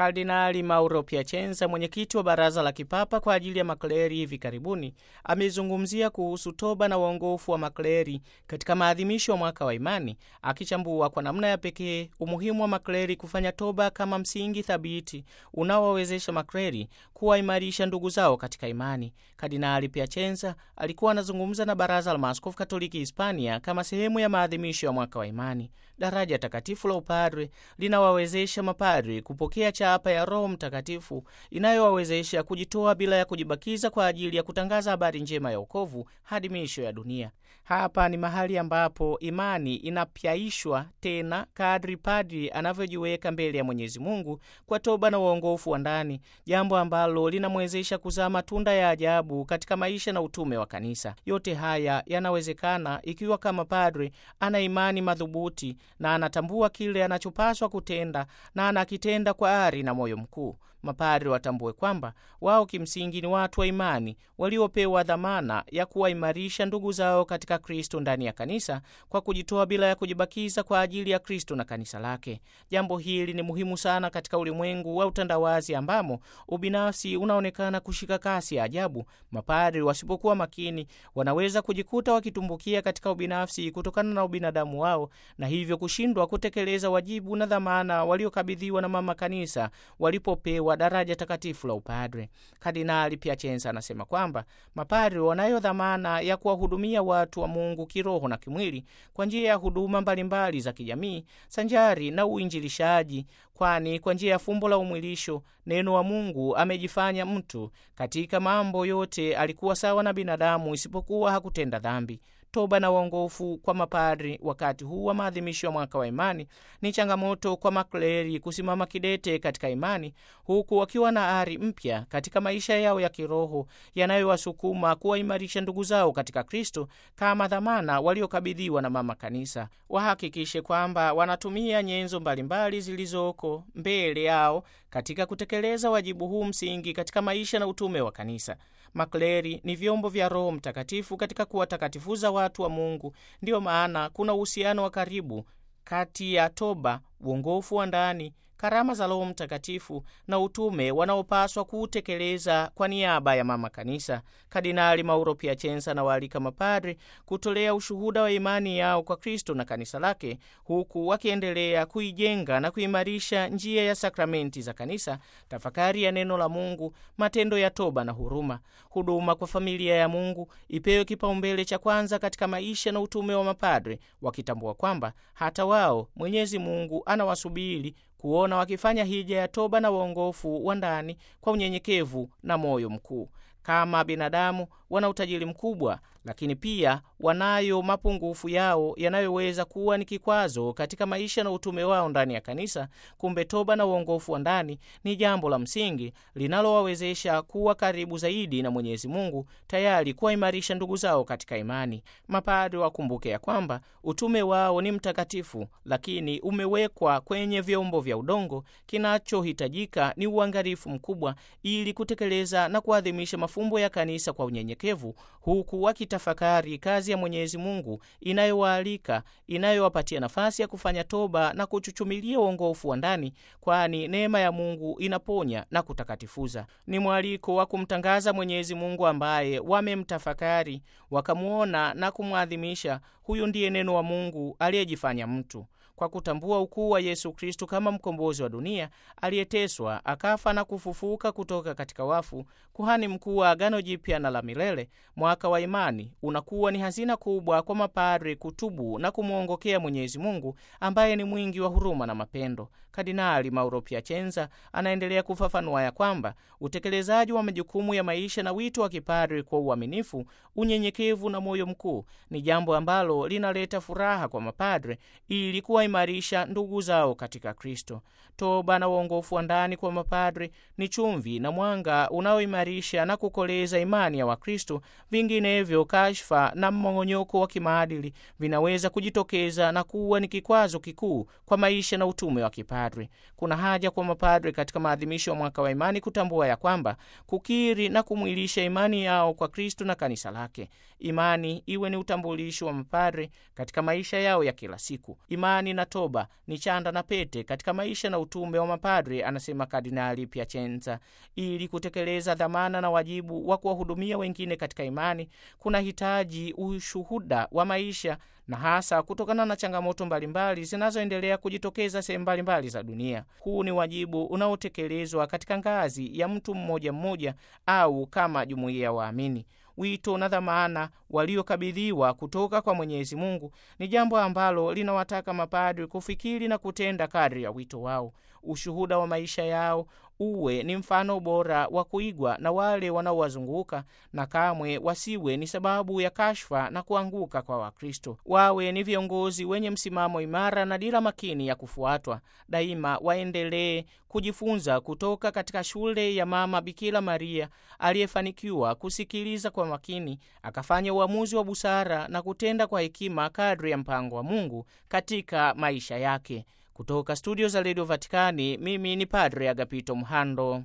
Kardinali Mauro Piacenza, mwenyekiti wa Baraza la Kipapa kwa ajili ya Makleri, hivi karibuni amezungumzia kuhusu toba na uongofu wa makleri katika maadhimisho ya mwaka wa imani, akichambua kwa namna ya pekee umuhimu wa makleri kufanya toba kama msingi thabiti unaowawezesha makleri kuwaimarisha ndugu zao katika imani. Kardinali Piacenza alikuwa anazungumza na Baraza la Maaskofu Katoliki Hispania kama sehemu ya maadhimisho ya mwaka wa imani. Daraja takatifu la upadre linawawezesha mapadre kupokea cha hapa ya Roho Mtakatifu inayowawezesha kujitoa bila ya kujibakiza kwa ajili ya kutangaza habari njema ya wokovu hadi miisho ya dunia. Hapa ni mahali ambapo imani inapyaishwa tena kadri padri anavyojiweka mbele ya Mwenyezi Mungu kwa toba na uongofu wa ndani, jambo ambalo linamwezesha kuzaa matunda ya ajabu katika maisha na utume wa kanisa. Yote haya yanawezekana ikiwa kama padri ana imani madhubuti na anatambua kile anachopaswa kutenda na anakitenda kwa ari na moyo mkuu mapadri watambue kwamba wao kimsingi ni watu wa imani waliopewa dhamana ya kuwaimarisha ndugu zao katika Kristo ndani ya kanisa kwa kujitoa bila ya kujibakiza kwa ajili ya Kristo na kanisa lake. Jambo hili ni muhimu sana katika ulimwengu wa utandawazi ambamo ubinafsi unaonekana kushika kasi ya ajabu. Mapadri wasipokuwa makini, wanaweza kujikuta wakitumbukia katika ubinafsi kutokana na ubinadamu wao na hivyo kushindwa kutekeleza wajibu na dhamana waliokabidhiwa na Mama Kanisa walipopewa wa daraja takatifu la upadre. Kardinali Piacenza anasema kwamba mapadri wanayo dhamana ya kuwahudumia watu wa Mungu kiroho na kimwili kwa njia ya huduma mbalimbali za kijamii sanjari na uinjilishaji, kwani kwa njia ya fumbo la umwilisho neno wa Mungu amejifanya mtu. Katika mambo yote alikuwa sawa na binadamu, isipokuwa hakutenda dhambi toba na uongofu kwa mapadri wakati huu wa maadhimisho ya mwaka wa imani ni changamoto kwa makleri kusimama kidete katika imani, huku wakiwa na ari mpya katika maisha yao ya kiroho yanayowasukuma kuwaimarisha ndugu zao katika Kristo kama dhamana waliokabidhiwa na Mama Kanisa. Wahakikishe kwamba wanatumia nyenzo mbalimbali zilizoko mbele yao katika kutekeleza wajibu huu msingi katika maisha na utume wa kanisa, makleri ni vyombo vya Roho Mtakatifu katika kuwatakatifuza watu wa Mungu. Ndiyo maana kuna uhusiano wa karibu kati ya toba, uongofu wa ndani karama za Roho Mtakatifu na utume wanaopaswa kuutekeleza kwa niaba ya Mama Kanisa. Kardinali Mauro Piacenza anawaalika mapadri kutolea ushuhuda wa imani yao kwa Kristo na kanisa lake, huku wakiendelea kuijenga na kuimarisha njia ya sakramenti za kanisa, tafakari ya neno la Mungu, matendo ya toba na huruma. Huduma kwa familia ya Mungu ipewe kipaumbele cha kwanza katika maisha na utume wa mapadri, wakitambua kwamba hata wao Mwenyezi Mungu anawasubiri kuona wakifanya hija ya toba na uongofu wa ndani kwa unyenyekevu na moyo mkuu kama binadamu wana utajiri mkubwa, lakini pia wanayo mapungufu yao yanayoweza kuwa ni kikwazo katika maisha na utume wao ndani ya kanisa. Kumbe toba na uongofu wa ndani ni jambo la msingi linalowawezesha kuwa karibu zaidi na Mwenyezi Mungu, tayari kuwaimarisha ndugu zao katika imani. Mapadre wakumbuke ya kwamba utume wao ni mtakatifu, lakini umewekwa kwenye vyombo vya udongo. Kinachohitajika ni uangalifu mkubwa ili kutekeleza na kuadhimisha mafumbo ya kanisa kwa unyenyekevu, huku wakitafakari kazi ya Mwenyezi Mungu inayowaalika, inayowapatia nafasi ya kufanya toba na kuchuchumilia uongofu wa ndani, kwani neema ya Mungu inaponya na kutakatifuza. Ni mwaliko wa kumtangaza Mwenyezi Mungu ambaye wamemtafakari, wakamuona na kumwadhimisha. Huyu ndiye neno wa Mungu aliyejifanya mtu kwa kutambua ukuu wa Yesu Kristu kama mkombozi wa dunia aliyeteswa, akafa na kufufuka kutoka katika wafu, kuhani mkuu wa Agano Jipya na la milele. Mwaka wa imani unakuwa ni hazina kubwa kwa mapadri kutubu na kumwongokea Mwenyezi Mungu ambaye ni mwingi wa huruma na mapendo. Kardinali Mauro Piacenza anaendelea kufafanua ya kwamba utekelezaji wa majukumu ya maisha na wito wa kipadri kwa uaminifu, unyenyekevu na moyo mkuu ni jambo ambalo linaleta furaha kwa mapadre ili kuwa kuwaimarisha ndugu zao katika Kristo. Toba na uongofu wa ndani kwa mapadre ni chumvi na mwanga unaoimarisha na kukoleza imani ya Wakristo. Vinginevyo, kashfa na mmong'onyoko wa kimaadili vinaweza kujitokeza na kuwa ni kikwazo kikuu kwa maisha na utume wa kipadri. Kuna haja kwa mapadre katika maadhimisho ya mwaka wa imani kutambua ya kwamba kukiri na kumwilisha imani yao kwa Kristo na kanisa lake. Imani iwe ni utambulisho wa mapadri katika maisha yao ya kila siku. Imani na toba ni chanda na pete katika maisha na utume wa mapadre anasema Kardinali Piacenza. Ili kutekeleza dhamana na wajibu wa kuwahudumia wengine katika imani, kuna hitaji ushuhuda wa maisha na hasa kutokana na changamoto mbalimbali zinazoendelea kujitokeza sehemu mbalimbali za dunia. Huu ni wajibu unaotekelezwa katika ngazi ya mtu mmoja mmoja au kama jumuiya waamini. Wito na dhamana waliokabidhiwa kutoka kwa Mwenyezi Mungu ni jambo ambalo linawataka mapadri kufikiri na kutenda kadri ya wito wao, ushuhuda wa maisha yao uwe ni mfano bora wa kuigwa na wale wanaowazunguka na kamwe wasiwe ni sababu ya kashfa na kuanguka kwa Wakristo. Wawe ni viongozi wenye msimamo imara na dira makini ya kufuatwa daima. Waendelee kujifunza kutoka katika shule ya Mama Bikira Maria aliyefanikiwa kusikiliza kwa makini, akafanya uamuzi wa busara na kutenda kwa hekima kadri ya mpango wa Mungu katika maisha yake. Kutoka studio za redio vaticani mimi ni Padre Agapito Mhando.